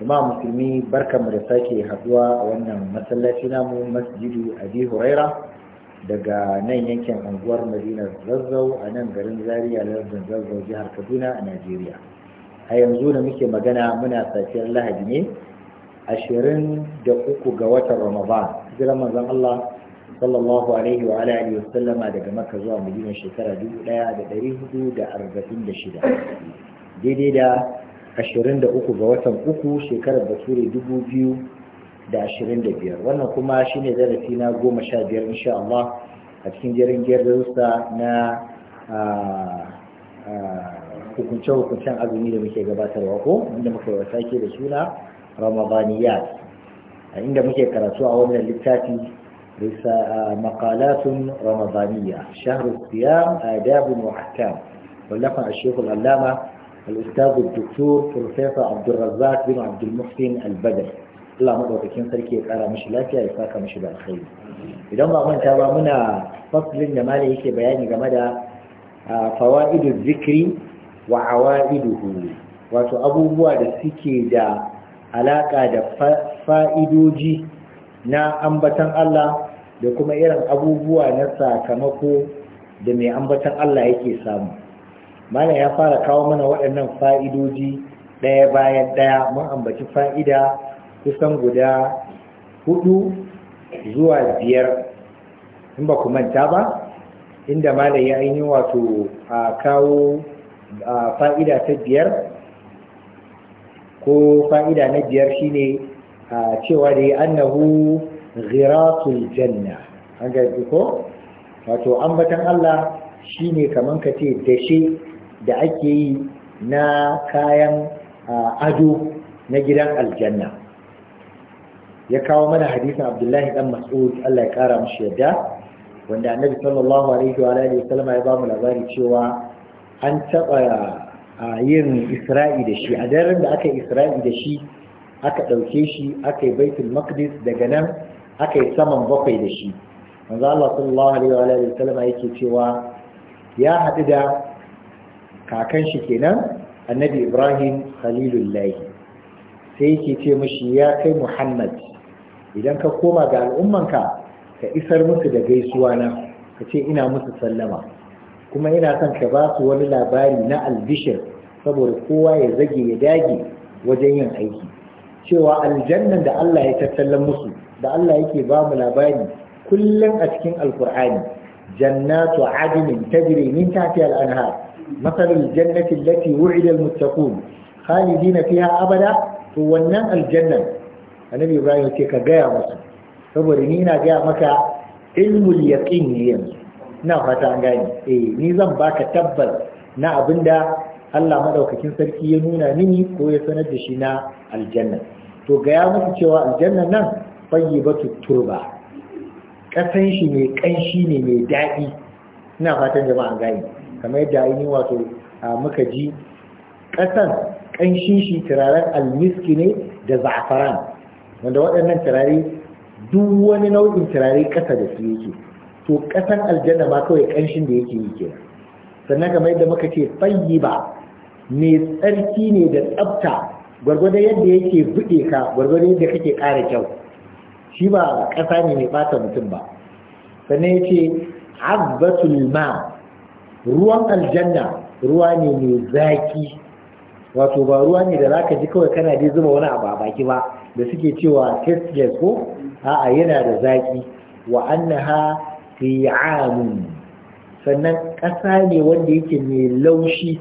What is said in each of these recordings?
jama'a musulmi barkanmu da sake haduwa a wannan masallaci namu masjidu abi huraira daga nan yankin anguwar madinar zazzau a nan garin zaria lardin zazzau jihar kaduna a najeriya a yanzu da muke magana muna safiyar lahadi ne ashirin da uku ga watan ramadan hijirar manzon allah sallallahu alaihi wa alihi wa sallama daga makka zuwa madina shekara dubu ɗaya da ɗari hudu da arba'in da shida daidai da Ashirin 23 ga watan uku shekarar da ashirin da biyar. wannan kuma shine darasi na goma 15 insha Allah a cikin jerin rusa na hukunce-hukuncen azumi da muke gabatarwa ko inda muka yi sake da suna ramadaniyat inda muke karatu a wannan littafi مقالات رمضانية شهر الصيام آداب وأحكام a الشيخ allama الأستاذ الدكتور بروفيسور عبد الرزاق بن عبد المحسن البدري Allah maɗaukakin sarki ya ƙara mishi lafiya ya saka mishi da alkhairi idan ba manta ba muna faslin da malai yake bayani game da fawaidu zikri wa awaiduhu wato abubuwa da suke da alaƙa da fa'idoji na ambatan Allah da kuma irin abubuwa na sakamako da mai ambatan Allah yake samu Malam ya fara kawo mana waɗannan fa'idoji ɗaya bayan ɗaya mun ambaci fa'ida kusan guda hudu zuwa biyar in ba ku manta ba inda malam ya ainihin wato a kawo fa'ida ta biyar ko fa'ida na biyar shine a cewa da ya annahu ghiratul janna an gaji ko wato ambatan Allah shine kamar ka ce dashe da ake yi na kayan ado na gidan aljanna ya kawo mana hadisin abdullahi dan mas'ud Allah ya kara mashi yadda wanda annabi sallallahu alaihi wa alihi wasallam ya ba mu labari cewa an taba yin isra'i da shi a daren da aka yi isra'i da shi aka ɗauke shi aka yi baitul maqdis daga nan aka yi saman bakwai da shi manzo Allah sallallahu alaihi wa alihi wasallam yake cewa ya haɗu da kakan shi kenan annabi ibrahim khalilullahi sai yake ce mashi ya kai muhammad idan ka koma ga al'ummanka ka isar musu da gaisuwa na ka ce ina musu sallama kuma ina son ka ba su wani labari na albishir saboda kowa ya zage ya dage wajen yin aiki cewa aljannan da Allah ya tattalin musu da Allah yake ba mu labari kullum a cikin alkur'ani jannatu adinin tajri min tahtiha al-anhar مثل الجنة التي وعد المتقون خالدين فيها أبدا فونا الجنة النبي إبراهيم saboda قيا مصر فبرنينا قيا مكا علم اليقين ليم na fata an gani eh ni zan baka tabbas na abinda Allah madaukakin sarki ya nuna mini ko ya sanar da shi na aljanna to gaya ya cewa aljanna nan fayyibatu turba kasan shi ne kanshi ne mai daɗi ina fatan jama'a kamar yadda ainihin wato muka ji ƙasan ƙanshin shi turaren almiski ne da za'afaran wanda waɗannan turare duk wani nau'in turare ƙasa da su yake to ƙasan aljanna ma kawai ƙanshin da yake yi kenan sannan kamar yadda muka ce fayyi ba mai tsarki ne da tsafta gwargwadon yadda yake buɗe ka gwargwadon yadda kake ƙara kyau shi ba ƙasa ne mai ɓata mutum ba sannan ya ce abbatul ma ruwan aljanna ruwa ne mai zaki wato ba ruwa ne da za ka ji kawai kana dai zuba wani abu a baki ba da suke cewa tastes ko a'a yana da zaki wa annaha fi'amun sannan ƙasa ne wanda yake mai laushi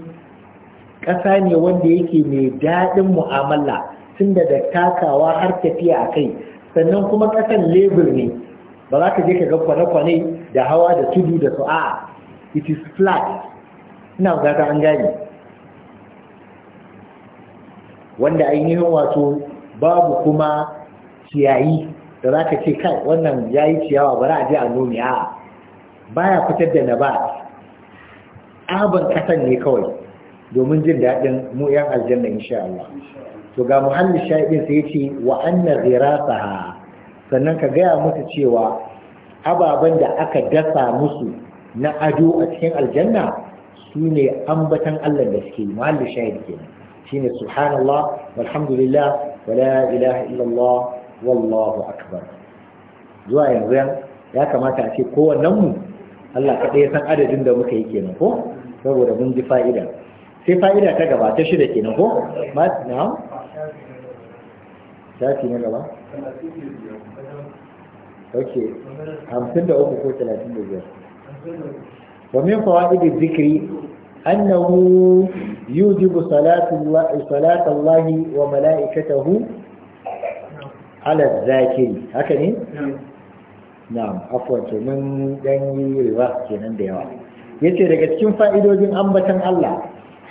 ƙasa ne wanda yake mai daɗin mu'amala tun da takawa har tafiya a kai sannan kuma ƙasan lebur ne ba za ka je ka ga kwane-kwane da hawa da tudu da su a'a it is flat ina gata an gani. wanda ainihin wato babu kuma ciyayi da za ka ce kai wannan ya yi ciyawa bari a je a nomi a baya fitar da na naba abin kasan ne kawai domin jin daɗin mu yan aljanna insha Allah to ga muhallin sha'idin sai ce wa anna ghirasaha sannan ka gaya musu cewa ababen da aka dasa musu na ado a cikin aljanna su ne ambatan Allah da suke yi, mahallu shahid Shi ne, subhanallah walhamdulillah wala ilaha illallah wallahu akbar zuwa yanzu ya kamata a ce kowannen mu Allah kaɗai ya san adadin da muka yi kenan ko saboda mun ji fa'ida sai fa'ida ta gaba ta shida kenan ko ma na shafi na gaba ok hamsin da uku ko talatin da biyar ومن فوائد الذكر أنه يوجب صلاة الله, صلاة الله وملائكته على الذاكر هكذا da yace daga cikin fa'idojin ambatan Allah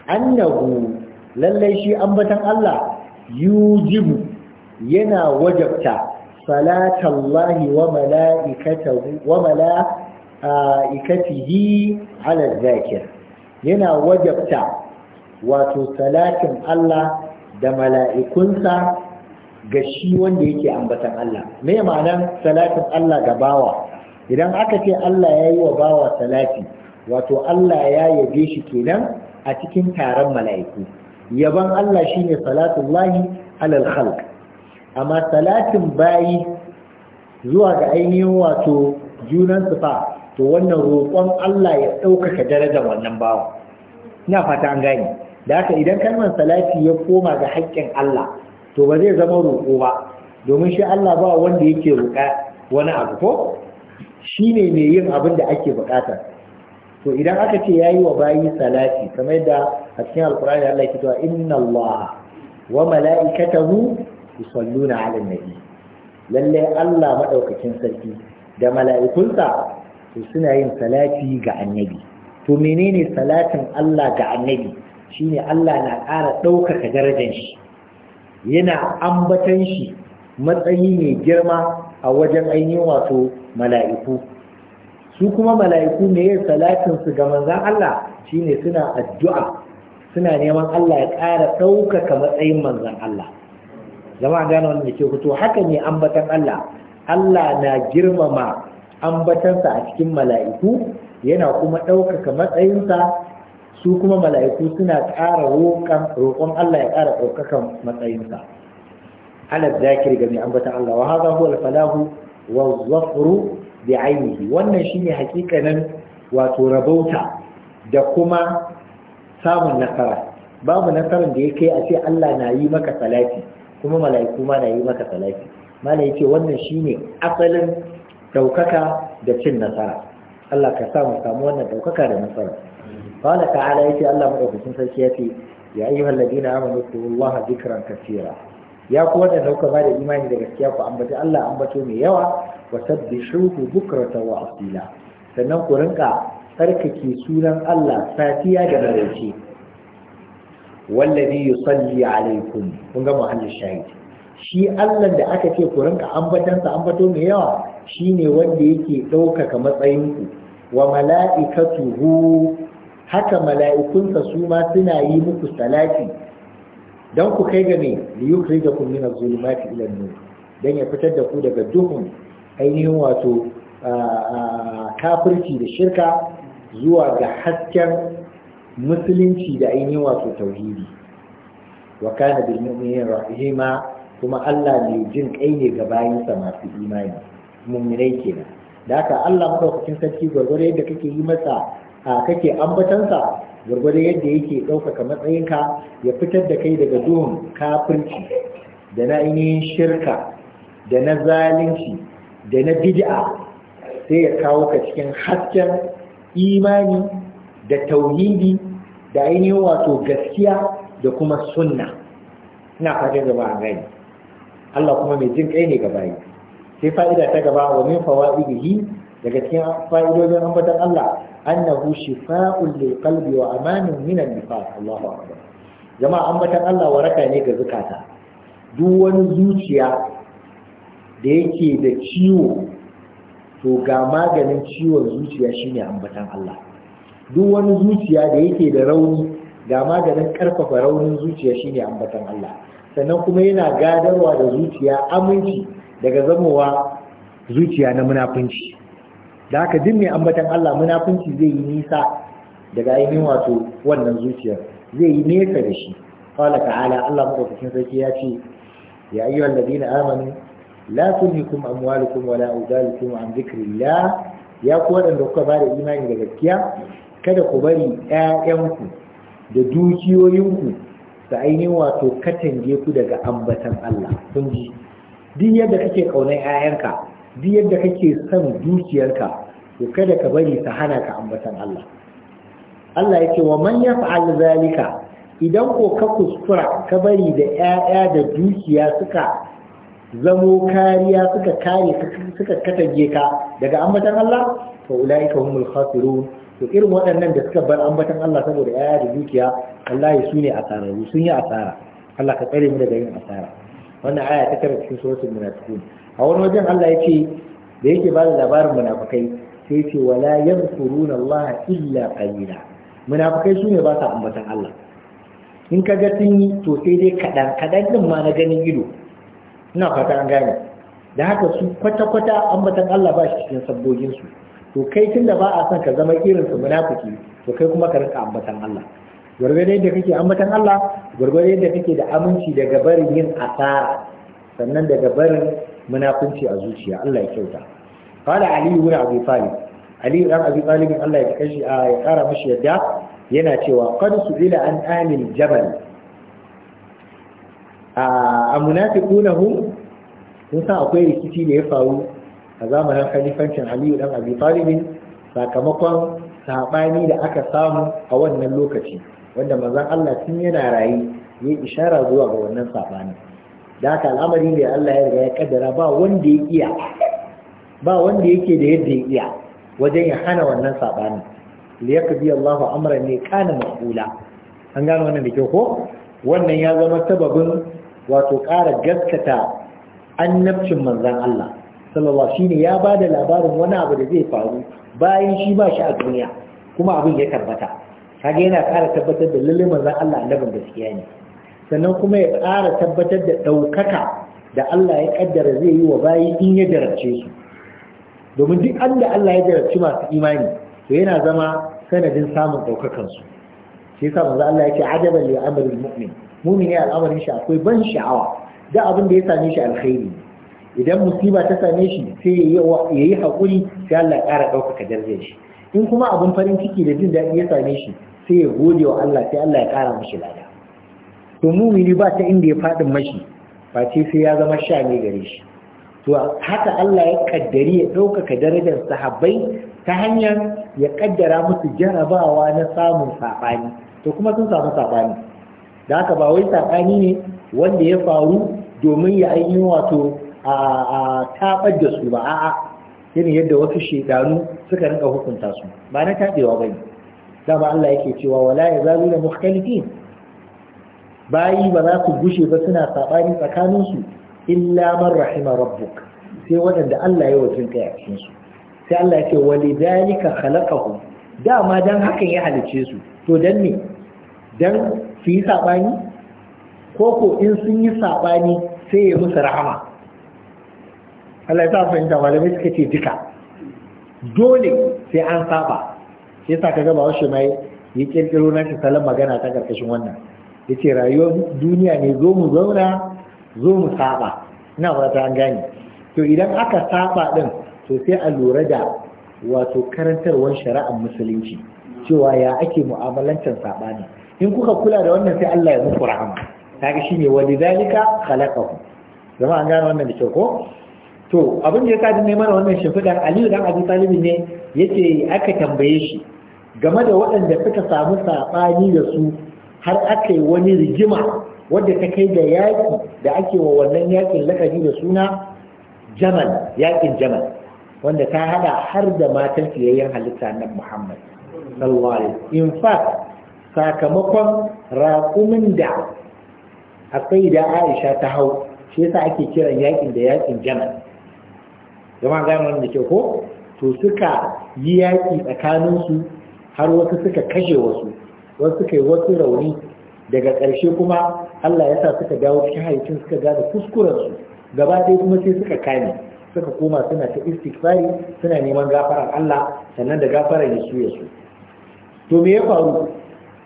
annahu lallai shi ambatan Allah yujibu yana wajabta salatallahi wa mala'ikatahu wa ikatihi ala zakir yana wajabta wato salatin Allah da mala'ikunsa ga shi wanda yake ambatan Allah me ma'ana salatin Allah ga bawa idan aka ce Allah ya yi wa bawa salati wato Allah ya yabe shi kenan a cikin taron mala'iku yaban Allah shine salatullahi alal khalq amma salatin bayi zuwa ga ainihin wato junan sufa to wannan roƙon Allah ya ɗaukaka darajar wannan bawa ina fata an gane da haka idan kalmar salati ya koma ga haƙƙin Allah to ba zai zama roƙo ba domin shi Allah ba wanda yake roƙa wani abu ko shine mai yin abin da ake buƙata to idan aka ce yayi wa bayi salati kamar yadda a cikin alkur'ani Allah yake cewa inna Allah wa mala'ikatahu yusalluna 'alan nabi lalle Allah madaukakin sarki da mala'ikunsa to suna yin salati ga annabi to menene salatin Allah ga annabi shine Allah na ƙara ɗaukaka darajar shi yana ambatan shi matsayi mai girma a wajen ainihin wato mala'iku su kuma mala'iku ne salatin su ga manzon Allah shine suna addu'a suna neman Allah ya ƙara ɗaukaka matsayin manzan Allah zama gane wanda ke fito haka ne ambatan Allah Allah na girmama ambatansa a cikin mala'iku yana kuma ɗaukaka matsayinsa su kuma mala'iku suna ƙara roƙon Allah ya ƙara ɗaukaka matsayinsa ala zakir ga mai ambatan Allah wa haza huwa al-falahu wa zafru bi ainihi wannan shine hakikanin wato rabauta da kuma samun nasara babu nasarar da ya kai a ce Allah na yi maka salati kuma mala'iku ma na yi maka salati mala yace wannan shine asalin ɗaukaka da cin nasara Allah ka sa mu samu wannan ɗaukaka da nasara qala ta'ala yace Allah madaukakin sarki yace ya ayyuhal ladina amanu tuqullaha dhikran kaseera ya kuwa wanda dauka ba da imani da gaskiya ku ambaci Allah ambato mai yawa wa sabbihuhu bukratan wa asila sannan ku rinka tsarkake sunan Allah safiya da maraice wallazi yusalli alaikum kun ga muhallin shahidi shi Allah da aka ce ku rinka ambatansa ambato mai yawa shi ne wanda yake ɗaukaka matsayinku wa mala'ikatuhu haka mala'ikunsa su ma suna yi muku salati don ku kai ga yi li yukhrijakum min nuna zulumati ila an-nur Don ya fitar da ku daga duhun ainihin wato kafirci da shirka zuwa ga hasken musulunci da ainihin wato tauhidi wa kana bil mu'minina rahima kuma Allah ne jin kai ne ga bayansa masu imani mummunai kenan da haka Allah madaukakin sarki gwargwado yadda kake yi masa a kake ambatansa gwargwado yadda yake ɗaukaka matsayinka ya fitar da kai daga duhun kafirci da na ainihin shirka da na zalunci da na bid'a sai ya kawo ka cikin hasken imani da tauhidi da ainihin wato gaskiya da kuma sunna ina fatan gaba a gani Allah kuma mai jin kai ne ga bayi sai fa'ida ta gaba wa min fawaidihi daga cikin fa'idojin ambatan Allah annahu shifa'ul lil qalbi wa amanun minan nifaq Allahu akbar jama'a ambatan Allah waraka ne ga zukata duk wani zuciya da yake da ciwo to ga maganin ciwon zuciya shine ambatan Allah duk wani zuciya da yake da rauni ga maganin karfafa raunin zuciya shine ambatan Allah sannan kuma yana gadarwa da zuciya aminci daga zamowa zuciya na munafunci da haka duk mai ambatan Allah munafunci zai yi nisa daga ainihin wato wannan zuciyar zai yi nesa da shi qala ta'ala Allah madaukakin sarki ya ce ya ayyuhal ladina amanu la tulhikum amwalukum wala awladukum an dhikrillah ya ku wadanda kuka ba da imani da gaskiya kada ku bari 'ya'yanku da dukiyoyinku da ainihin wato katange ku daga ambatan Allah kun ji duk yadda kake kaunar 'ya'yanka duk yadda kake son dukiyarka to kada ka bari ta hana ka ambatan Allah Allah yake wa man yaf'al zalika idan ko ka kuskura ka bari da 'ya'ya da dukiya suka zamo kariya suka kare suka katange ka daga ambatan Allah to ulaika humul khasirun to irin waɗannan da suka bar ambatan Allah saboda yaya da dukiya wallahi su ne su sun yi asara Allah ka tsare mu daga yin asara wannan aya ta tare cikin suratul munafiqun a wani wajen Allah yake da yake ba da labarin munafikai sai ce, wala yansuruna Allah illa qalila munafikai su ne ba sa ambatan Allah in ka ga sun to sai dai kaɗan kaɗan din ma na ganin ido ina fata an gane da haka su kwata-kwata ambatan Allah ba shi cikin sabbogin su to kai tunda ba a son ka zama irin su munafiki to kai kuma ka rinka ambatan Allah gwargwado yadda kake ambatan Allah gwargwado yadda kake da aminci daga barin yin asara sannan daga barin munafunci a zuciya Allah ya kyauta qala ali ibn abi talib ali ibn abi talib Allah ya kashi ah, ya kara mishi yadda yana cewa qad su'ila an ahli jabal ah, a munafiqunahum kun san akwai rikici da ya faru a zamanin khalifancin aliyu dan abi talibin sakamakon sabani da aka samu a wannan lokaci wanda manzon Allah tun yana rayi ya ishara zuwa ga wannan sabani da haka al'amari ne Allah ya riga ya kaddara ba wanda ya iya ba wanda yake da yadda ya iya wajen ya hana wannan sabani liyakbi Allahu amran ne kana maqula an gano wannan da kyau ko wannan ya zama sababin wato ƙara gaskata annabcin manzon Allah sallallahu shine ya ba da labarin wani abu da zai faru bayan shi ba shi a duniya kuma abin ya tabbata kaga yana ƙara tabbatar da lalle manzon Allah annabin gaskiya ne sannan kuma ya ƙara tabbatar da ɗaukaka da Allah ya kaddara zai yi wa bayi in ya jarabce su domin duk anda Allah ya jarabci masu imani to yana zama sanadin samun ɗaukakan su shi yasa manzo Allah yake ajaban li amril mu'min mu'min ya al'amarin shi akwai ban sha'awa da abin da ya same shi alkhairi idan musiba ta same shi sai ya yi haƙuri sai Allah ya ƙara ɗaukaka darajar shi in kuma abin farin ciki da jin daɗi ya same shi sai ya gode wa Allah sai Allah ya ƙara mashi lada to mumini ba ta inda ya faɗin mashi ba ce sai ya zama sha ne gare shi to haka Allah ya kaddari ya ɗaukaka darajar sahabbai ta hanyar ya kaddara musu jarabawa na samun saɓani to kuma sun samu saɓani da haka ba wai saɓani ne wanda ya faru domin ya ainihin wato a taɓar da su ba a'a irin yadda wasu shekaru suka rinka hukunta su ba na taɓewa ba ne dama Allah yake cewa wala ya zaru da mukhtalifin bayi ba za su gushe ba suna saɓani tsakaninsu illa man rahima rabbuk sai waɗanda Allah ya wajen kai a cikin su sai Allah ya ce walidhalika khalaqahum dama dan hakan ya halice su to dan ne dan su yi saɓani ko ko in sun yi saɓani sai ya musu rahama Allah ya sa fahimta malamai suka ce duka dole sai an saba shi yasa ka gaba washe mai ya kirkiro nashi salon magana ta karkashin wannan ya ce rayuwar duniya ne zo mu zauna zo mu saba ina fata an gane to idan aka saba din to sai a lura da wato karantarwar shari'ar musulunci cewa ya ake mu'amalantar sabani in kuka kula da wannan sai Allah ya muku rahama kaga shine walidhalika khalaqahu zama an gane wannan da kyau ko to abin da ya sa ne mana wannan shimfiɗar aliyu dan abi talibi ne yace aka tambaye shi game da waɗanda suka samu saɓani da su har aka yi wani rigima wadda ta kai da yaƙi da ake wa wannan yaƙin lakabi da suna jamal yaƙin jamal wanda ta haɗa har da matan fiyayyen halitta nan muhammad sallallahu in fact sakamakon raƙumin da a da aisha ta hau shi yasa ake kiran yaƙin da yaƙin jamal zama gane da kyau ko to suka yi yaƙi tsakaninsu har wasu suka kashe wasu wasu suka yi wasu rauni daga ƙarshe kuma Allah ya sa suka dawo cikin haifin suka gane kuskurensu gaba ɗaya kuma sai suka kame suka koma suna ta istikfari suna neman gafarar Allah sannan da gafarar ya suya su to me ya faru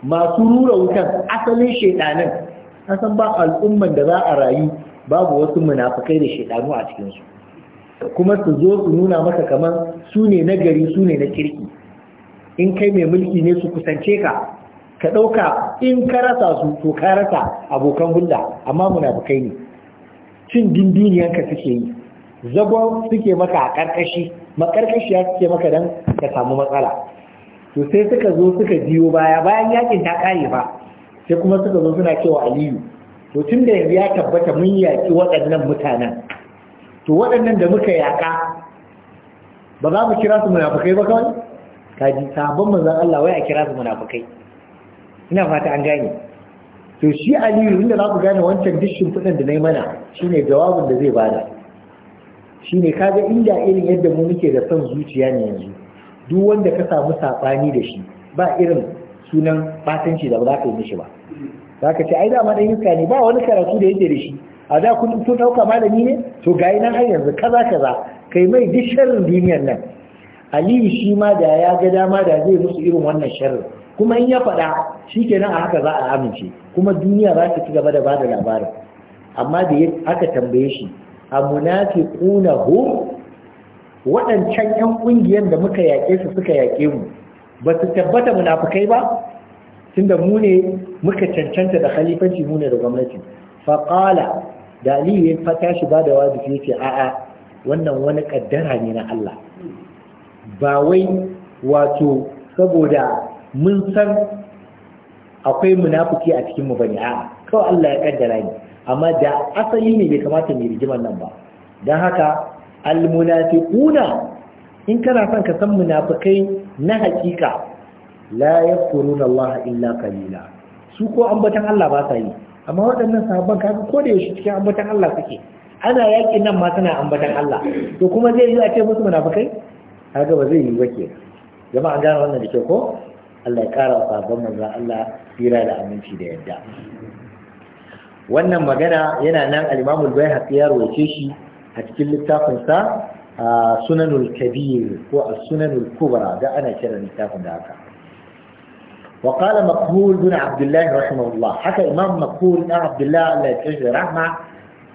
masu rura wutan asalin shaiɗanan, an san ba al'umman da za a rayu babu wasu munafukai da shaiɗanu a cikinsu kuma su zo su nuna maka kamar su ne na gari su ne na kirki in kai mai mulki ne su kusance ka ka ɗauka in ka rasa su to ka rasa abokan hulɗa amma muna bukai ne cin ka suke yi zagon suke maka a ƙarƙashi makarƙashiya suke maka don ka samu matsala to sai suka zo suka biyo baya bayan yakin ta ƙare ba sai kuma suka zo suna cewa aliyu to tun da yanzu ya tabbata mun yaƙi waɗannan mutanen to waɗannan da muka yaƙa ba za mu kira su munafukai ba kawai kaji sabon mazan Allah wai a kira su munafukai ina fata an gane to shi Aliyu inda za ku gane wancan dishin kuɗin da nayi mana ne jawabin da zai bada ne kaga inda irin yadda mu muke da son zuciya ne yanzu duk wanda ka samu saɓani da shi ba irin sunan batanci da ba za ka yi mishi ba za ka ce ai dama dan yuka ne ba wani karatu da yake da shi a da kun sun dauka malami ne to ga nan har yanzu kaza kaza kai mai duk sharrin duniyar nan aliyu shi ma da ya ga dama da zai musu irin wannan sharrin kuma in ya faɗa shi kenan a haka za a amince kuma duniya za ta ci gaba da ba da labarin amma da aka tambaye shi a munafiquna hu waɗancan 'yan ƙungiyar da muka yaƙe su suka yaƙe mu ba su tabbata munafukai ba tunda mu ne muka cancanta da khalifanci mu ne da gwamnati faƙala da aliyu ya fata shi ba da wajibi ya ce a'a wannan wani kaddara ne na Allah ba wai wato saboda mun san akwai munafuki a cikin mu bane a'a kawai Allah ya kaddara ni amma da asali ne bai kamata yi rigimar nan ba don haka munafiquna in kana son ka san munafikai na hakika la yaquluna Allah illa qalila su ko ambatan Allah ba sa yi amma waɗannan sahabban kaga ko da yaushe cikin ambatan Allah suke ana yaƙi nan ma suna ambatan Allah to kuma zai yi a ce musu munafikai kaga ba zai yi ba ke jama'a gane wannan da ke ko Allah ya ƙara wa sahabban manzon Allah hira da aminci da yadda wannan magana yana nan al-Imam al-Baihaqi ya shi a cikin littafin sa Sunanul Kabir ko As-Sunanul Kubra da ana kiran littafin da haka وقال مقبول بن عبد الله رحمه الله حتى إمام مقبول بن عبد الله الله يتجزي رحمة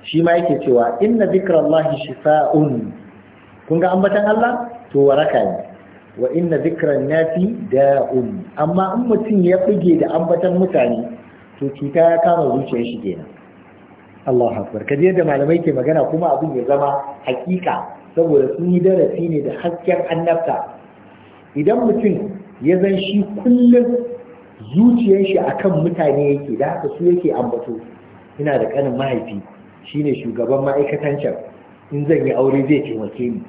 shi ma yake cewa inna zikrallahi shifa'un kun ga ambatan Allah to waraka ne wa inna zikran nafi da'un amma in mutum ya buge da ambatan mutane to cuta ya kama zuciyar shi kenan Allah akbar kaje da malamai ke magana kuma abin ya zama hakika saboda sun yi darasi ne da hasken annabta idan mutum ya zan shi kullum zuciyar shi akan mutane yake da haka su yake ambato ina da kanin mahaifi shine shugaban ma'aikatan can in zan yi aure zai taimake ni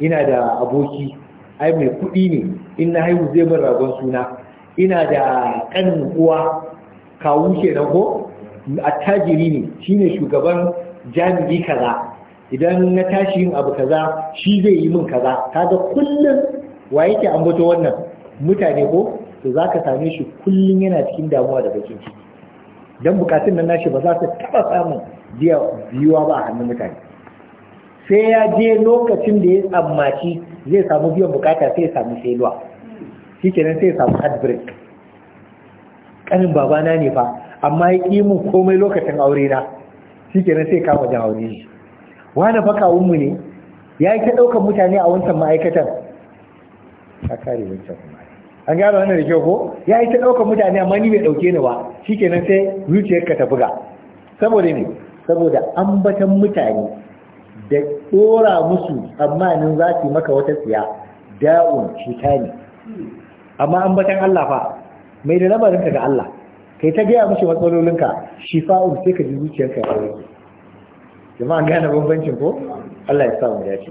ina da aboki ai mai kuɗi ne in na haihu zai min ragon suna ina da kanin uwa kawu kenan ko attajiri ne shine shugaban jami'i kaza idan na tashi yin abu kaza shi zai yi min kaza kaga kullum wa yake ambato wannan mutane ko to za ka same shi kullum yana cikin damuwa da bakin ciki don bukatun nan nashi ba za su taba samun biyuwa ba a hannun mutane sai ya je lokacin da ya tsammaci zai samu biyan bukata sai ya samu failure shi kenan sai ya samu heartbreak kanin babana ne fa amma ya ƙi mun komai lokacin aure na shi kenan sai kama jan aure shi wani baka kawunmu ne ya yi ta ɗaukar mutane a wancan ma'aikatan ta kare wancan kuma an gano wannan da kyau ko ya yi ta ɗaukar mutane amma ni bai ɗauke ni ba nan sai zuciyarka ta buga saboda ne saboda ambatan mutane da ɗora musu tsammanin za su maka wata siya da'un cuta ne amma ambatan Allah fa mai da lamarinka ga Allah kai ta gaya musu matsalolinka fa'un sai ka ji zuciyarka ya fara jama'a gane bambancin ko Allah ya sa mu dace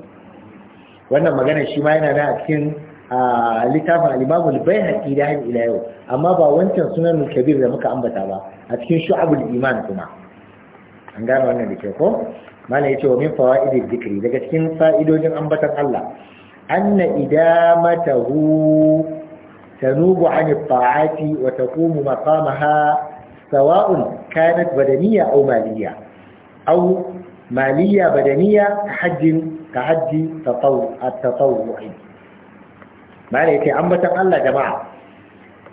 wannan magana shi ma yana da a cikin a littafin al-Imam al da har ila yau amma ba wancan sunan kabir da muka ambata ba a cikin shu'abul iman kuma an gane wannan da ke ko mana yace wa min fawaidid dhikri daga cikin fa'idodin ambatan Allah anna idamatahu tanubu an at-ta'ati wa taqumu maqamaha sawa'un kanat badaniyya aw maliyya aw maliyya badaniyya ka hajji ka hajji tatawwu at mala yace ambatan Allah jama'a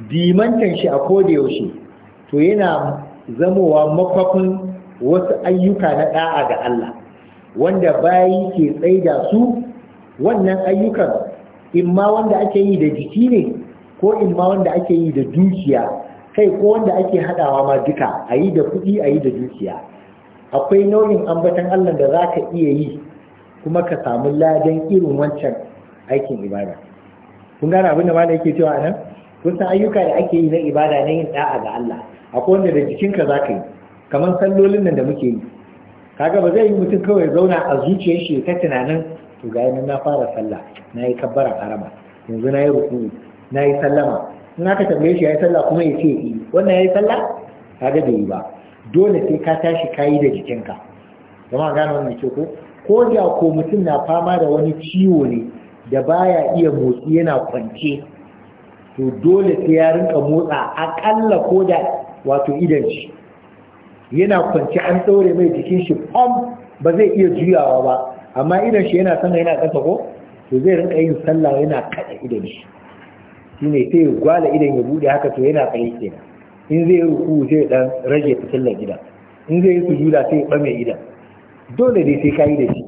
dimantan shi a koda yaushe to yana zamowa makwafin wasu ayyuka na da'a ga Allah wanda bayi ke tsaida su wannan ayyukan imma wanda ake yi da jiki ne ko imma wanda ake yi da dukiya kai ko wanda ake hadawa ma duka a yi da kuɗi a yi da dukiya akwai nau'in ambatan Allah da za ka iya yi kuma ka samu ladan irin wancan aikin ibada kun gane abin da malam yake cewa nan? kun san ayyuka da ake yi na ibada na yin da'a ga Allah akwai wanda da jikinka za ka yi kamar sallolin nan da muke yi kaga ba zai yi mutum kawai zauna a zuciyar shi ta tunanin to ga na fara sallah na yi kabbara harama yanzu na yi ruku na yi sallama in aka tambaye shi ya yi sallah kuma ya ce yi eh, wannan ya yi sallah kaga bai yi ba dole sai ka tashi ka yi da jikinka zama gane wannan ce ko ko da ko mutum na fama da wani ciwo ne da baya iya motsi yana kwance to dole sai ya rinka motsa akalla ko da wato idan shi yana kwance an tsore mai jikin shi om ba zai iya juyawa ba amma idan shi yana sama yana ƙasa ko to zai rinka yin sallah yana kada idan shi shine sai ya gwala idan ya bude haka to yana tsaye kenan in zai ruku zai dan rage fitilar gida in zai yi sujuda sai ya bame idan dole dai sai kai da shi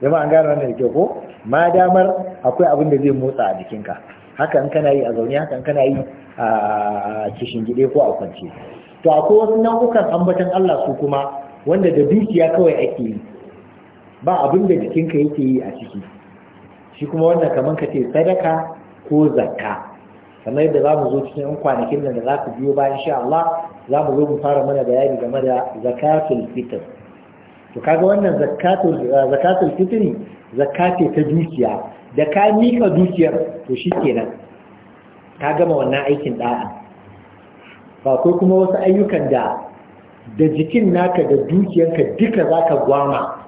jama'a an gane wannan da kyau ko ma damar akwai abin da zai motsa a jikinka haka in kana yi a zaune haka in kana yi a kishin gide ko a kwance to akwai wasu nau'ukan ambatan Allah su kuma wanda da dukiya kawai ake yi ba abin da jikinka yake yi a ciki shi kuma wannan kamar ka ce sadaka ko zakka kamar yadda za mu zo cikin yan kwanakin nan da za ku biyo bayan sha Allah za mu zo mu fara mana bayani game da zakatul fitr to kaga wannan zakatul eh, zakatul fitri zakka ce ta dukiya da ka miƙa dukiyar to shi kenan ta gama wannan aikin da'a ba kai kuma wasu ayyukan da da jikin naka da dukiyarka duka za ka gwama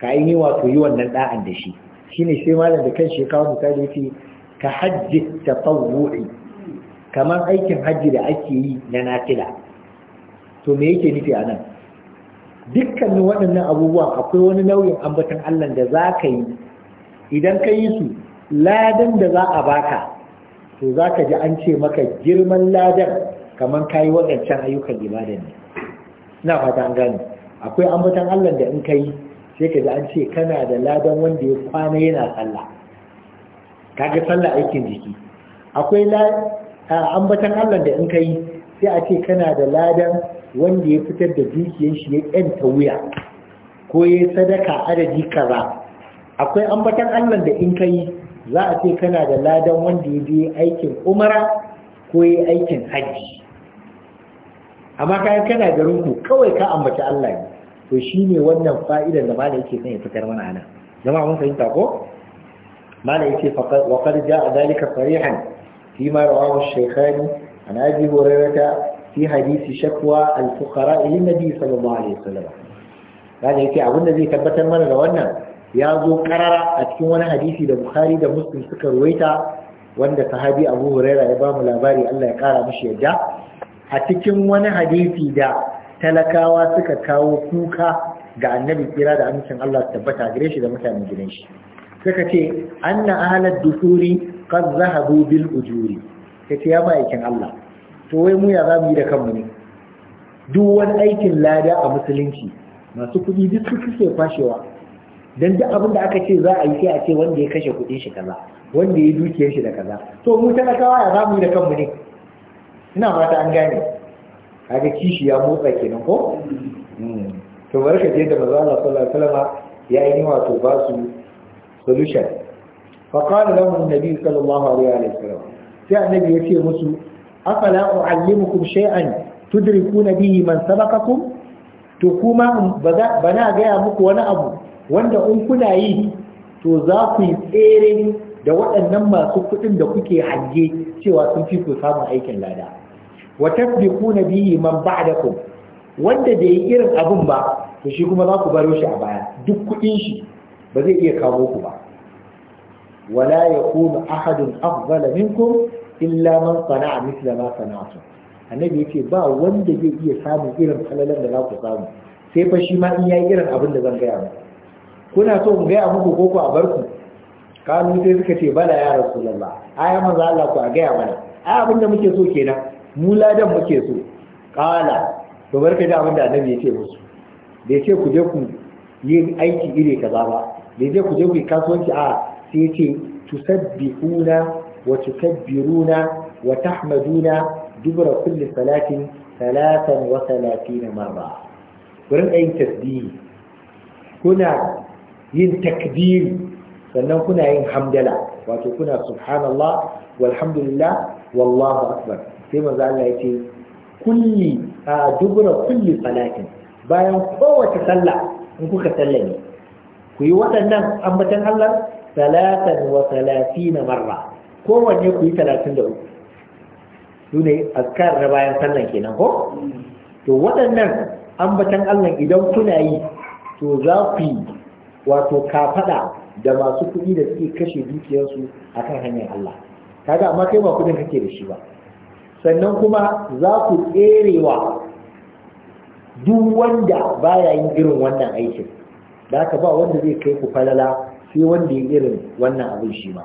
ka yi wato yi wannan ɗa'an da shi Shi ne sai malam da kan shekaru da ce ka hajji tafawwu'i kamar aikin hajji da ake yi na nafila to me yake nufi a nan dukkanin waɗannan abubuwan akwai wani nau'in ambatan Allah da za ka yi idan ka yi su ladan da za a baka to za ka ji an ce maka girman ladan kamar ka yi waɗancan ayyukan ibada ne na fata an gani akwai ambatan Allah da in ka yi sai ka ji an ce kana da ladan wanda ya kwana yana sallah ga sallah aikin jiki akwai ambatan Allah da in ka yi sai a ce kana da ladan wanda ya fitar da dukiyar shi ya yanta wuya ko ya sadaka adadi kaza akwai ambatan Allah da in kai za a ce kana da ladan wanda ya je aikin umara ko ya aikin hajji amma kayan kana da ruku, kawai ka ambaci Allah ne to shine wannan fa'idan da malai yake son ya fitar mana ana zama mun fahimta ko malai yake wa qad jaa dalika sarihan fi ma rawahu ash-shaykhani an abi hurairah fi hadisi shakwa al-fuqara ila nabi sallallahu alaihi wasallam kaga yake abin da zai tabbatar mana da wannan ya zo karara a cikin wani hadisi da bukhari da muslim suka ruwaita wanda sahabi abu huraira ya bamu labari Allah ya kara mishi yadda a cikin wani hadisi da talakawa suka kawo kuka ga annabi kira da amincin Allah tabbata gare shi da mutanen gidan shi suka ce anna ahlad duhuri qad zahabu bil ujuri kace ya aikin Allah to wai mu ya za mu yi da kanmu ne duk wani aikin lada a musulunci masu kuɗi duk su suke fashewa. dan duk abin da aka ce za a yi sai a ce wanda ya kashe kuɗin shi kaza wanda ya dukiyar shi da kaza to mu talakawa ya za mu yi da kanmu ne ina mata an gane kaga kishi ya motsa kenan ko hmm. to barka je da manzo Allah sallallahu alaihi wasallam ya yi ni wato ba su solution fa qala lahu an-nabi sallallahu alaihi wasallam sai annabi ya ce musu afala u'allimukum shay'an tudrikuna bihi man sabaqakum to kuma bana gaya muku wani abu wanda in kuna yi to za ku yi tsere da waɗannan masu kuɗin da kuke hange cewa sun fi ku samun aikin lada wa tasbiquna bihi man ba'dakum wanda da yi irin abun ba to shi kuma za ku baro shi a baya duk kuɗin shi ba zai iya kawo ku ba wala yakunu ahadun afdala minkum illa man sana'a misla ma sana'atu annabi yake ba wanda zai iya samun irin falalan da za ku samu sai fa shi ma in yayi irin abin da zan gaya muku kuna so mu gaya muku ko ku a barku? ku kanu sai suka ce bala ya rasulullah aya manzo Allah ku a gaya mana ai abin da muke so kenan mu ladan muke so kala to barka da abin da annabi yake musu da yake ku je ku yi aiki iri kaza ba da yake ku je ku yi kasuwanci a sai ce tusabbihuna وتكبرون وتحمدون دبر كل صلاة ثلاثا وثلاثين مرة yin أي تسبيح كنا ين تكبير sannan kuna yin hamdala wato kuna subhanallah walhamdulillah wallahu akbar sai manzo Allah yace kulli a dubura kulli salatin bayan kowace sallah in kuka sallame ku yi waɗannan ambatan Allah salatan wa salatina marra kowanne ku yi talatin da uku su ne askar na bayan sallan kenan ko to waɗannan ambatan allah idan kuna yi to za ku yi wato kafaɗa da masu kuɗi da suke kashe dukiyarsu a kan hanyar allah kaga amma kai ba kuɗin kake da shi ba sannan kuma za ku tserewa duk wanda baya yin irin wannan aikin da aka ba wanda zai kai ku falala sai wanda ya irin wannan abin shi ma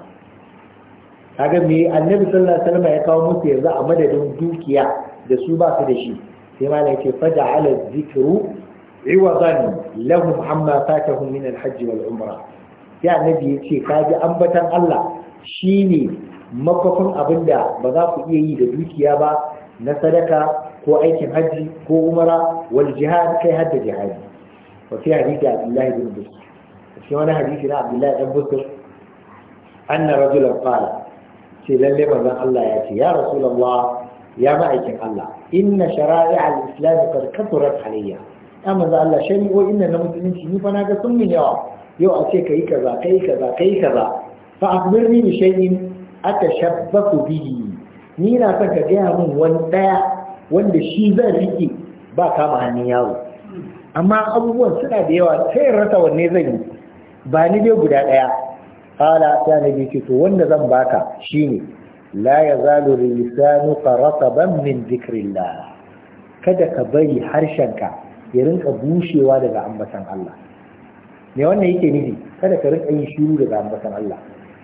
kaga me annabi sallallahu alaihi wasallam ya kawo musu yanzu a madadin dukiya da su ba su da shi sai ma ce fada ala zikru iwazan lahum amma fatahum min alhajj wal umra sai annabi yace ce kaji ambatan Allah shine makafin abinda ba za ku iya yi da dukiya ba na sadaka ko aikin hajji ko umara wal jihad kai hadda jihadi wa fi hadisi Abdullahi bin Busr shi wani hadisi na Abdullahi dan Busr anna rajulan qala sai lalle manzon Allah ya ce ya rasulullah ya ma'aikin Allah inna shara'i al-islam qad kathurat alayya ya manzon Allah shari'o inna na musulunci ni fa naga sun min yawa yau a ce kai kaza kai kaza kai kaza fa akhbirni bi shay'in atashabbaku bihi ni na son ka gaya min wani daya wanda shi zan rike ba kama hannun yawo amma abubuwan suna da yawa sai rasa wanne zan yi ba ni dai guda daya qala sai annabi ce to wanda zan baka shine la yazalu lisanuka rataban min dhikrillah kada ka bari harshenka ya rinka bushewa daga ambatan Allah me wannan yake nufi kada ka rinka yin shiru daga ambatan Allah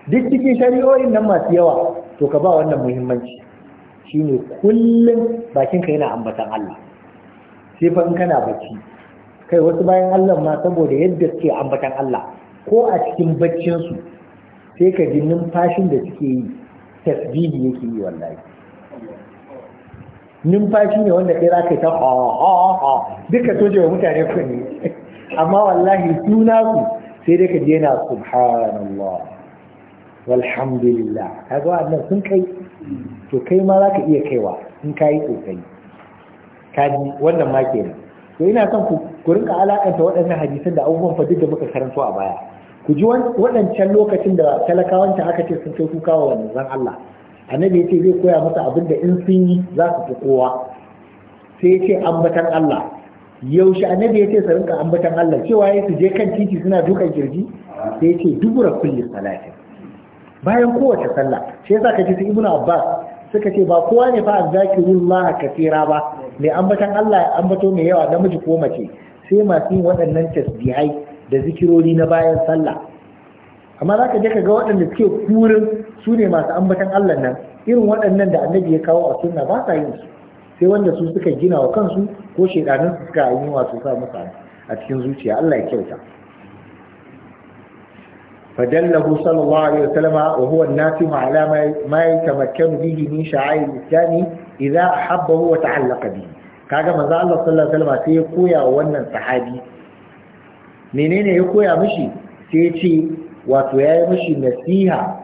duk cikin shari'o'in nan masu yawa to ka ba wannan muhimmanci shine kullum bakinka yana ambatan Allah sai fa in kana bacci kai wasu bayan Allah ma saboda yadda suke ambatan Allah ko a cikin baccin su sai ka ji numfashin da suke yi tasbihi yake yi wallahi numfashi ne wanda kai zaka ta ha ha ha duka toje wa mutane ku ne, amma wallahi suna ku sai dai ka ji yana subhanallah walhamdulillah kaga wannan sun kai to kai ma zaka iya kaiwa in kai kokari kaji wannan ma kenan to ina son ku ku rinka alakanta waɗannan hadisan da abubuwan fa duk da muka karanto a baya ku ji waɗancan lokacin da talakawanta aka ce sun kai kuka wa manzon Allah annabi ya ce zai koya masa abin da in sun yi za su fi kowa sai ya ce ambatan Allah yaushe annabi ya ce su rinka ambatan Allah cewa ya su je kan titi suna dukan kirji sai ya ce dubura kulli salati bayan kowace sallah sai yasa kace su ibnu abbas suka ce ba kowa ne fa azzakirullah Kasera ba mai ambatan Allah ambato mai yawa namiji ko mace sai masu yin waɗannan tasbihai da zikiroli na bayan sallah amma za ka je ka ga waɗanda suke kurin su ne masu ambatan Allah nan irin waɗannan da annabi ya kawo a sunna ba sa yin su sai wanda su suka gina wa kansu ko shekarun su suka yi wa su sa musa a cikin zuciya Allah ya kyauta فدله صلى الله عليه وسلم وهو الناتم على ما يتمكن به من شعائر الإسلام إذا أحبه وتعلق به kaga manzo Allah sallallahu alaihi wasallam sai ya koya wa wannan sahabi menene ya koya mishi sai ce wato ya yi mishi nasiha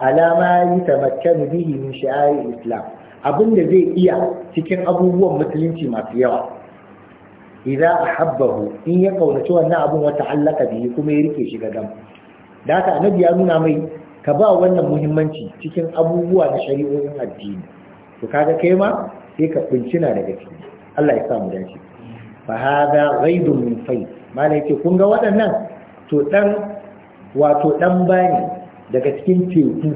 alama yi tamakkanu bihi min sha'air islam abin da zai iya cikin abubuwan musulunci masu yawa idza ahabbahu in ya kaunaci wannan abun wata allaka bihi kuma ya rike shi gagam da haka annabi ya nuna mai ka ba wannan muhimmanci cikin abubuwa na shari'o'in addini to kaga kai ma sai ka kuncina daga ciki Allah ya sa mu dace fa hada ghaidun min fai mala yake kun ga waɗannan to dan wato dan bani daga cikin teku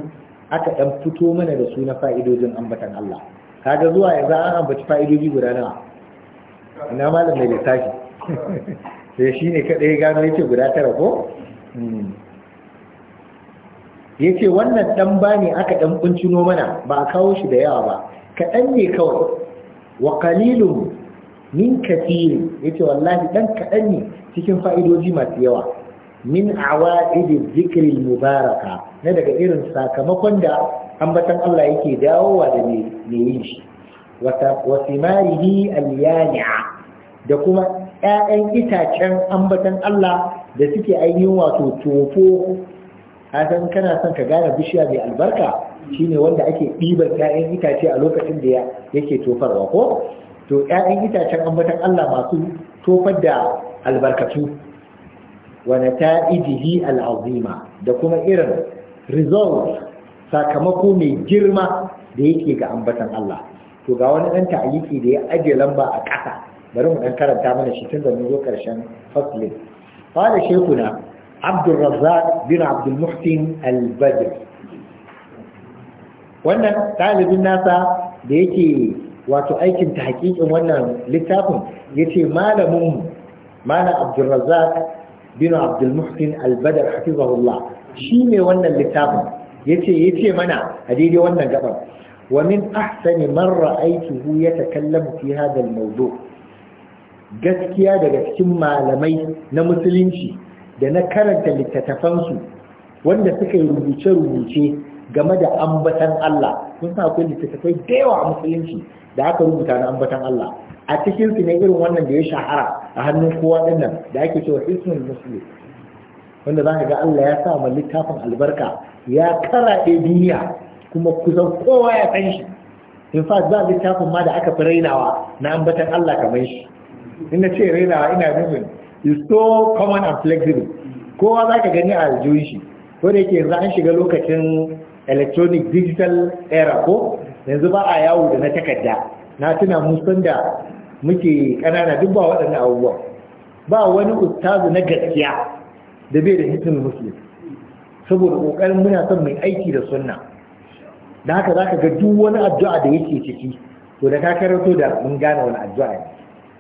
aka dan fito mana da su na fa'idojin ambatan Allah kaga zuwa yanzu an ambaci fa'idoji guda nawa ina malam mai lissafi sai eh, shine kadai gano yake guda tara ko hmm. ya ce wannan ɗan bani aka ɗan kuncino mana ba a kawo shi da yawa ba kaɗan ne kawai wa kalilun min kathirin yace wallahi dan kaɗan ne cikin fa'idoji masu yawa min awa'idi zikri mubaraka na daga irin sakamakon da ambatan Allah yake dawowa da ne yin shi wata wasimarihi al-yani'a da kuma ƴaƴan itacen ambatan Allah da suke ainihin wato tofo a san kana son ka gane bishiya mai albarka shine wanda ake ɗiban ƴaƴan itace a lokacin da yake tofarwa ko to ‘ya'yan itacen ambatan Allah masu tofar da albarkatu wane ta ijihi al'azima da kuma irin result sakamako mai girma da yake ga ambatan Allah to ga wani ɗan ta'aliki da ya ajiye lamba a ƙasa bari mu ɗan karanta mana shi tun da mun zo ƙarshen faslin fara shekuna abdulrazzaq bin abdulmuhsin albadr wannan ɗalibin nasa da yake wato aikin ta hakikin wannan littafin ce malamin malam Abdulrazak bin Abdulmuhsin albadar hafizahullah shi ne wannan littafin yace ce mana a daidai wannan gabar. wa min ahsani man ra'aytuhu yatakallamu fi hadha al gaskiya daga cikin malamai na musulunci da na karanta littattafansu wanda suka yi rubuce-rubuce game da ambatan Allah sun sa akwai littattafai da yawa a musulunci da aka rubuta na ambatan Allah a cikin su ne irin wannan da ya shahara a hannun kowa din nan da ake cewa hisnul muslim wanda za ka ga Allah ya sa ma littafin albarka ya karaɗe duniya kuma kusan kowa ya san shi in fact ba littafin ma da aka fi rainawa na ambatan Allah kamar shi ina ce rainawa ina nufin is so common and flexible kowa za ka gani a aljihun shi ko da yake yanzu an shiga lokacin electronic digital era ko yanzu ba a yawo da na takarda na tuna musan da muke kanana duk ba waɗannan abubuwa ba wani ustazu na gaskiya da bai da hitin muslim saboda ƙoƙarin muna son mai aiki da sunna da haka zaka ga duk wani addu'a da yake ciki to da ka karanto da mun gane wani addu'a ne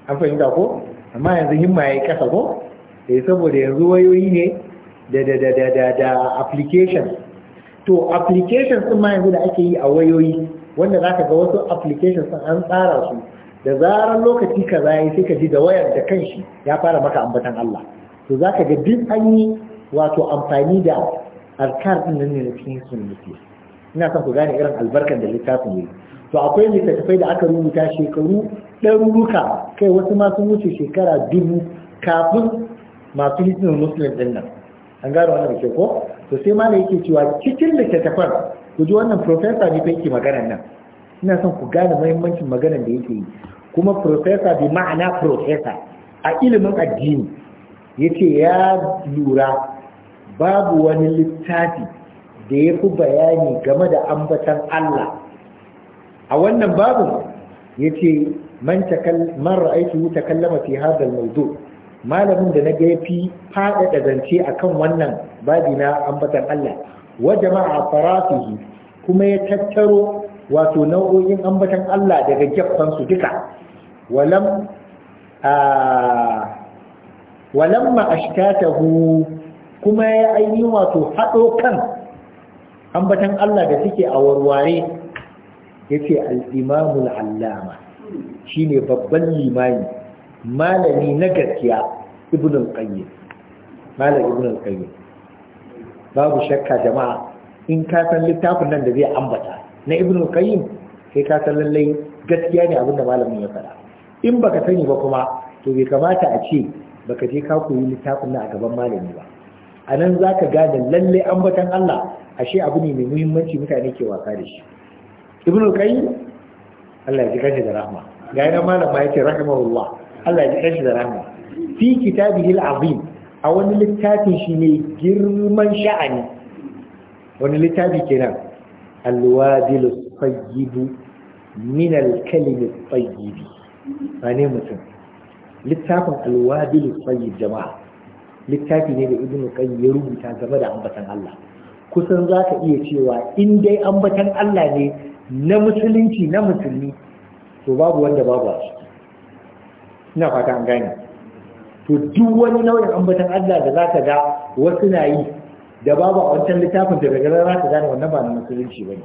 an fahimta ko amma yanzu himma yi ƙasa ko eh, saboda yanzu wayoyi ne da da da da da application to applications sun ma yanzu da ake yi a wayoyi wanda za ka ga wasu applications sun an tsara su da zarar lokaci ka zai sai ka ji da wayar da kanshi ya fara maka ambatan Allah to za ka ga duk an yi wato amfani da alkar din nan ne na cikin sunnati ina son ku gane irin albarkar da littafin ne to akwai littattafai da aka rubuta shekaru ɗaruruka kai wasu ma sun wuce shekara dubu kafin masu hisnin musulun ɗin nan an gane wannan da ke ko to sai malam yake cewa cikin littattafan ku ji wannan profesa ne fa ke maganar nan ina son ku gane muhimmancin maganar da yake yi kuma profesa bi ma'ana profesa a ilimin addini yace ya lura babu wani littafi da ya fi bayani game da ambatan Allah a wannan babu yace man ra'aitu wuta kallama fi hadal maudu' malamin da na ga yafi faɗaɗa zance a kan wannan babi na ambatan Allah wa jama'a farafihi kuma ya tattaro wato nau'o'in ambatan Allah daga gefan duka walam a ta ashkatahu kuma ya ainihi wato haɗo kan ambatan Allah da suke a warware yace al-imamul allama shine babban limami malami na gaskiya ibn al-qayyim malam ibn al-qayyim babu shakka jama'a in ka san littafin nan da zai ambata na ibn al-qayyim sai ka san lallai gaskiya ne abin da malamin ya faɗa in baka sani ba kuma to bai kamata a ce baka je ka koyi littafin nan a gaban malami ba a nan za ka gane lallai ambatan Allah ashe abu ne mai muhimmanci mutane ke wasa da shi ibn al-qayyim Allah ya ji da rahma ga yana malam ma rahimahullah Allah ya ji da rahama fi kitabihi al-azim a wani littafi shi ne girman sha'ani wani littafi kenan al-wabil tayyib min al-kalim tayyib ne mutum littafin al-wabil tayyib jama'a littafi ne da ibnu qayyim ya rubuta game da ambatan Allah kusan za ka iya cewa in dai ambatan Allah ne na musulunci na musulmi to babu wanda babu a ciki ina fata an gane to duk wani nau'in ambatan Allah da zaka ga wasu na yi da babu a wancan littafin da daga za ka gane wannan ba na musulunci ba ne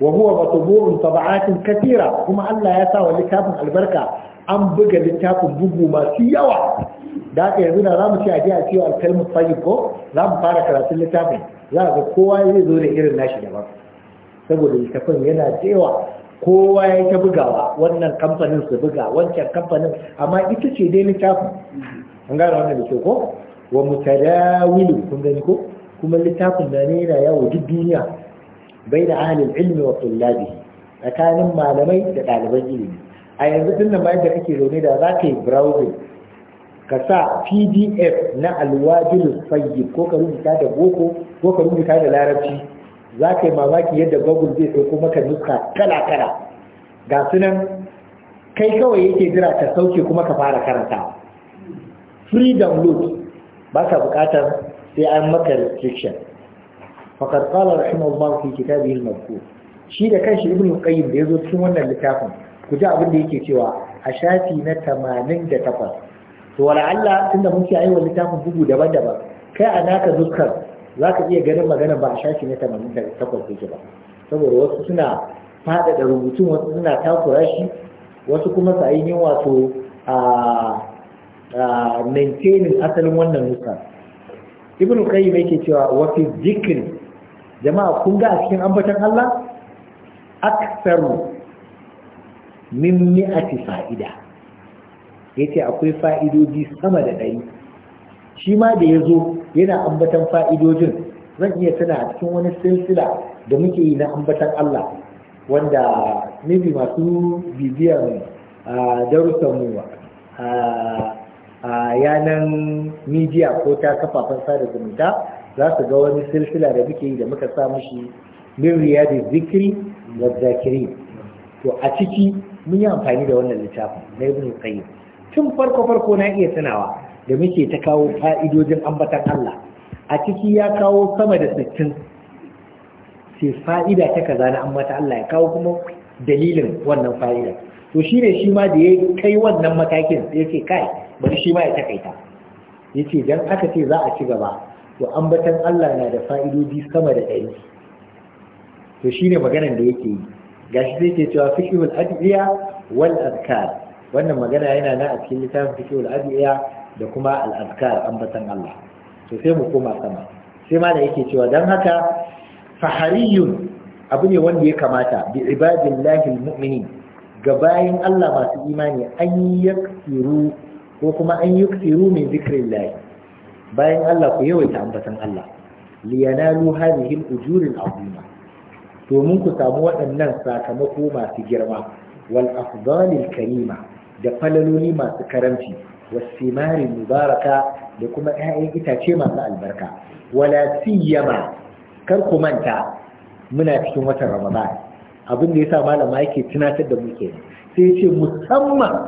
wa huwa matbu'un tab'atin katira kuma Allah ya sa wa littafin albarka an buga littafin bugu masu yawa da haka yanzu na zamu ci a cewa a ciwo tayyib ko za mu fara karatun littafin za ga kowa zai zo da irin nashi daban saboda littafin yana da yawa kowa ya ta bugawa wannan kamfanin su buga wancan kamfanin amma ita ce dai littafin an gane wannan da ke ko wa mutadawilu kun gani ko kuma littafin da ne yana yawo duk duniya bai da ahalin ilmi wa tullabi tsakanin malamai da ɗaliban ilimi a yanzu tun da bayan da kake zaune da za ka yi browsing ka sa pdf na alwajilus fayyib ko ka rubuta da boko ko ka rubuta da larabci za ka yi mamaki yadda google zai ɗauko maka nuska kala kala ga sunan kai kawai yake jira ka sauke kuma ka fara karantawa free download ba ka buƙatar sai an maka restriction faqad qala rahimahullah ke kitabihi al-mazkur shi da kanshi ibnu qayyim da zo cikin wannan littafin ku ji abin da yake cewa a shafi na takwas. to wala Allah tunda mun ce ayi littafin bugu daban-daban kai a naka zukkar za ka iya ganin magana ba a shafi na tamanin da takwas yake ba saboda wasu suna faɗaɗa rubutun wasu suna takura shi wasu kuma su ainihin wato a maintaining asalin wannan nuka ibn qayyim yake cewa wa fi jama'a kun ga a cikin ambatan Allah aksaru min mi'ati fa'ida yace akwai fa'idodi sama da ɗari shi ma da ya zo yana ambatan fa'idojin zan iya tana a cikin wani silsila da muke yi na ambatan Allah wanda maybe masu bibiyar darussanmu a yanan midiya ko ta kafafen sada zumunta za su ga wani silsila da muke yi da muka sa mushi min da zikiri da zakiri to a ciki mun yi amfani da wannan littafin na ibn tun farko farko na iya tunawa da muke ta kawo fa'idojin ambatan Allah a ciki ya kawo sama da sittin sai fa'ida ta kaza na ambatan Allah ya kawo kuma dalilin wannan fa'ida to shi ne shi ma da ya kai wannan matakin ya ce kai bari shi ma ya takaita ya ce don aka ce za a ci gaba to ambatan Allah na da fa'idodi sama da ɗari to shi ne maganan da yake yi gashi zai ke cewa fiqhul adiya wal azkar wannan magana yana na a cikin littafin fiqhul adiya da kuma al'adkar ambatan Allah to sai mu koma sama sai ma da yake cewa don haka fahariyun abu ne wanda ya kamata bi ibadillahi mu'mini. ga bayan Allah masu imani an yaksiru ko kuma an yaksiru min lahi. bayan Allah ku yawaita ambatan Allah liyanalu hadhihi ujurin ujuril azima domin ku samu waɗannan sakamako masu girma wal afdalil karima da falaloli masu karamci والثمار المباركة لكم أهل إتاتيما مع البركة ولا سيما كركم أنت من أتكم وتر رمضان أظن ليسا ما لما يكي تناسد دميكي سيشي مسمى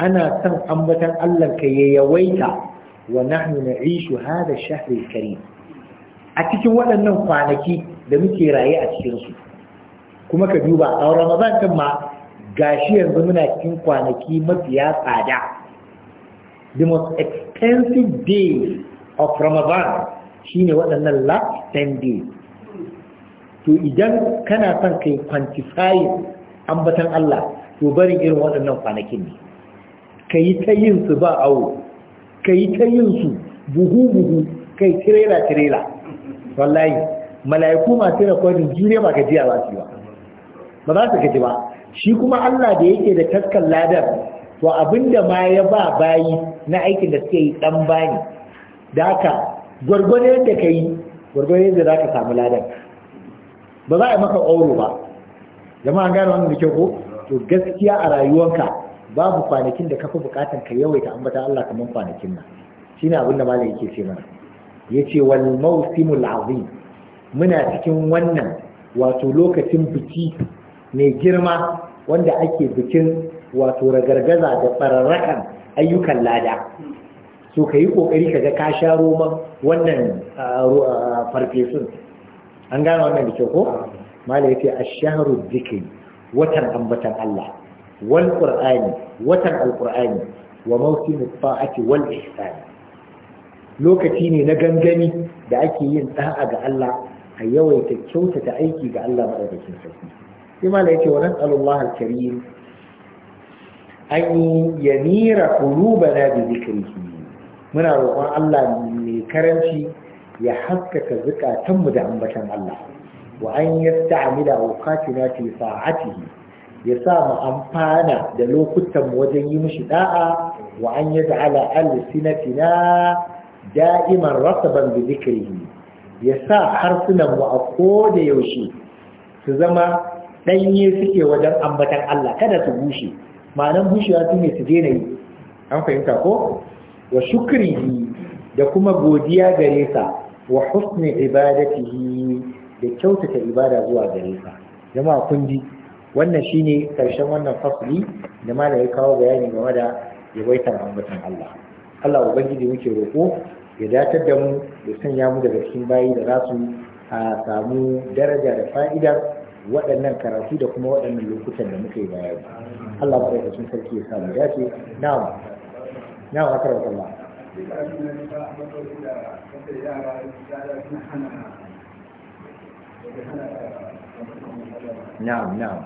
أنا سن أمبتا ألا كي يويتا ونحن نعيش هذا الشهر الكريم أتكم ولا ننفعنكي دميكي رأي أتكم kuma ka duba a ramadan din ma gashi yanzu muna cikin kwanaki mafiya tsada the most expensive days of Ramadan shine waɗannan last 10 days to idan kana son kai quantify ambatan Allah to bari irin waɗannan kwanakin ne Ka yi ta yin su ba awo yi ta yin su buhu buhu kai tirela tirela wallahi mala'iku masu rakodin jure ba gajiya ba su ba ba za su gaji ba shi kuma Allah da yake da taskan ladar to abinda ma ya ba bayi na aikin da suke yi dan bani da haka gwargwado yadda ka yi gwargwado yadda za samu ladan ba za a maka auro ba jama'a gane wannan da kyau ko to gaskiya a rayuwanka babu kwanakin da kafi bukatan ka yawaita ambata Allah kaman kwanakin nan shine abin da malai yake ce mana yace wal mawsimul azim muna cikin wannan wato lokacin biki mai girma wanda ake bikin wato ragargaza da tsararrakan ayyukan lada so ka yi ƙoƙari ka ga ka sha roman wannan farfesun an gane wannan da kyau ko mala ya a shaharu zikiri watan ambatan Allah wal qur'ani watan Alƙur'ani, wa mawsimu ta'ati wal ihsan lokaci ne na gangani da ake yin ɗa'a ga Allah a yawaita kyautata aiki ga Allah madaukakin sarki sai ma yake wa Harkari? al-karim an yamira na bi dhikrihi muna roƙon Allah mai karanci ya haskaka zukatanmu da ambatan Allah wa an yasta'mila awqatina fi sa'atihi ya sa mu amfana da lokutan mu wajen yi mishi da'a wa an yaj'ala al-sinatina da'iman rasaban bi dhikrihi ya sa harsunan mu a koda yaushe su zama ɗanye suke wajen ambatan Allah kada su bushe ma'anan bushewa su ne su daina yi an fahimta ko wa shukrihi da kuma godiya gare sa wa husni ibadatihi da kyautata ibada zuwa gare sa jama'a kundi, wannan shine karshen wannan fasli da ya kawo bayani game da yawaitar ambatan Allah Allah ubangiji muke roƙo ya datar da mu ya sanya mu daga cikin bayi da za su a samu daraja da fa'ida waɗannan karatu da kuma waɗannan lokutan da muka yi baya Allah ba da sarki ya samu ce na'am na'am akara wa Allah na'am na'am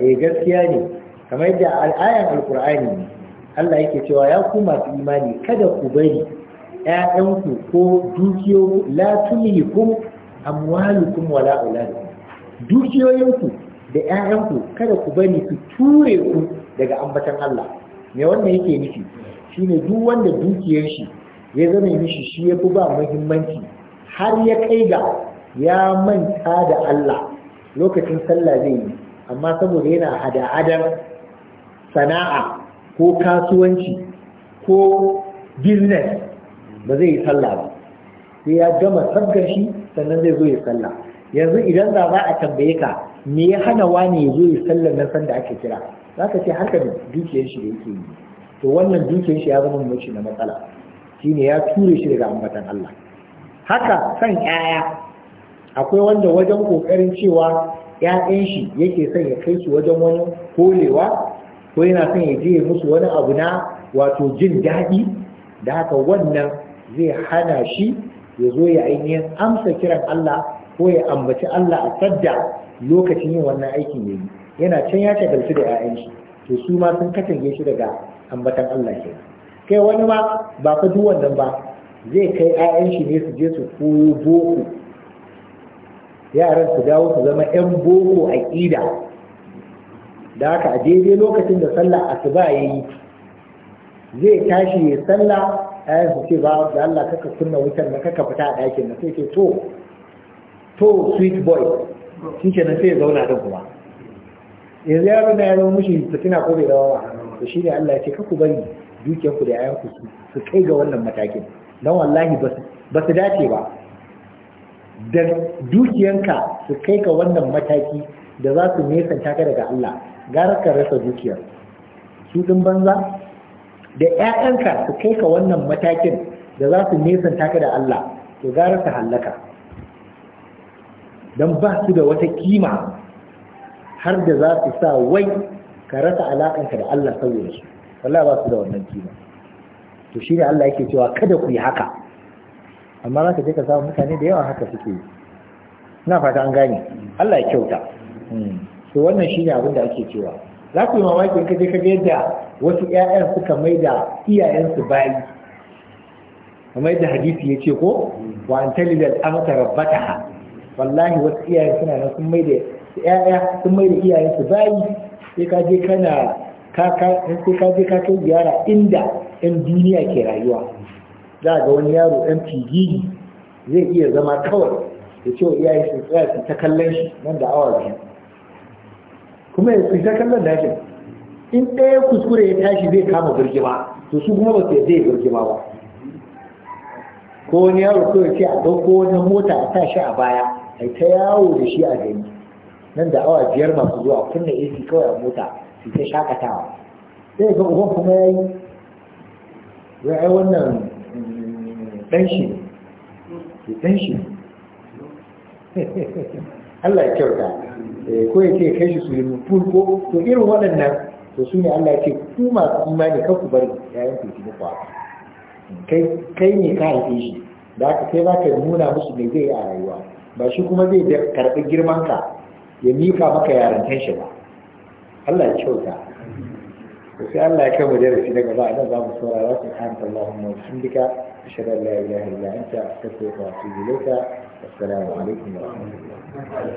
eh gaskiya ne kamar yadda al'ayan alkur'ani ne Allah yake cewa ya ku masu imani kada ku bari ‘ya'yanku ko dukiyoyi la tulikum amwalukum wala auladukum dukiyoyinku da 'ya'yanku kada ku bari su ture ku daga ambatan Allah me wannan yake nufi shi ne duk wanda dukiyar shi ya zama mishi shi ya fi ba muhimmanci har ya kai ga ya manta da Allah lokacin sallah zai yi amma saboda yana hada-hadar sana'a ko kasuwanci ko business ba zai yi sallah ba sai ya gama sabgar shi sannan zai zo ya sallah yanzu idan za a tambaye ka me ya hana wani ya zo ya sallar na sanda ake kira za ka ce haka dukiyar shi da yake yi to wannan dukiyar shi ya zama mace na matsala shine ya ture shi daga ambatan Allah haka san 'ya'ya, akwai wanda wajen kokarin cewa 'ya'yan shi yake son ya kai su wajen wani kolewa ko yana son ya je musu wani abu na wato jin daɗi da haka wannan zai hana shi ya zo ya ainihin amsa kiran Allah ko ya ambaci Allah a sadda lokacin yin wannan aikin yayi yana can ya shagaltu da 'ya'yan shi to su ma sun katange shi daga ambatan Allah ke kai wani ma ba fa duk wannan ba zai kai 'ya'yan shi ne su je su koyo boko yaran su dawo su zama ƴan boko a ƙida. da haka a daidai lokacin da sallah asuba yi zai tashi ya sallah ayan su ce ba da Allah kaka kunna wutar na kaka fita a ɗakin na sai ce to to sweet boy shi kenan sai ya zauna da kuma yanzu yaro na ya zama mushi fitina ko bai dawa ba to shi ne Allah ya ce kaku bari dukiyar ku da yayan ku su kai ga wannan matakin dan wallahi ba su dace ba da dukiyanka su kai ga wannan mataki da za su nesanta ka daga Allah gara ka rasa dukiyar su din banza da ƴaƴanka su kai ka wannan matakin da za su nesanta ka da Allah to gara ka hallaka don ba su da wata kima har da za su sa wai ka rasa alaƙanka da Allah saboda su wallahi ba su da wannan kima to ne Allah yake cewa kada ku yi haka amma za ka je ka samu mutane da yawa haka suke yi ina fata an gane Allah ya kyauta hmm. to wannan shi ne abin da ake cewa za ku yi mamaki in ka je ka ga yadda wasu ƴaƴan suka da iyayensu bayi kamar yadda hadisi ya ce ko wa an talilal amsa rabbataha wallahi wasu iyayen suna nan sun mai da ƴaƴa sun mai da iyayen su bayi sai ka je kana ka sai ka je ka kai ziyara inda 'yan duniya ke rayuwa za ga wani yaro 'yan tigigi zai iya zama kawai da cewa iyayen su tsaya su ta kallon shi nan da awa biyu kuma ya ta kallon nashin, in ɗaya kuskure ya tashi zai kama birgima to su kuma ba su yadda ya birgima ba ko wani yaro ko ya ce a ɗauko wani mota a sa shi a baya ai ta yawo da shi a gani. nan da awa biyar masu zuwa kunna AC kawai a mota su ta shakatawa sai ga uban kuma ya yi wai ai wannan dan mm, shi ne dan shi Allah ya kyauta eh, ko ya ce kai shi su yi ko to irin waɗannan to su ne Allah ya ce ku masu imani kan ku bari yayin ku ci muku kai kai ne ka haife shi da aka kai ba ka nuna musu me zai yi a rayuwa ba shi kuma zai karɓi ka ya mika maka yarantar shi ba Allah ya kyauta sai Allah ya kai mu darasi daga ba nan za mu saurara su anta Allahumma bihamdika ashhadu an la ilaha illa anta astaghfiruka wa atubu ilayka assalamu alaikum wa rahmatullahi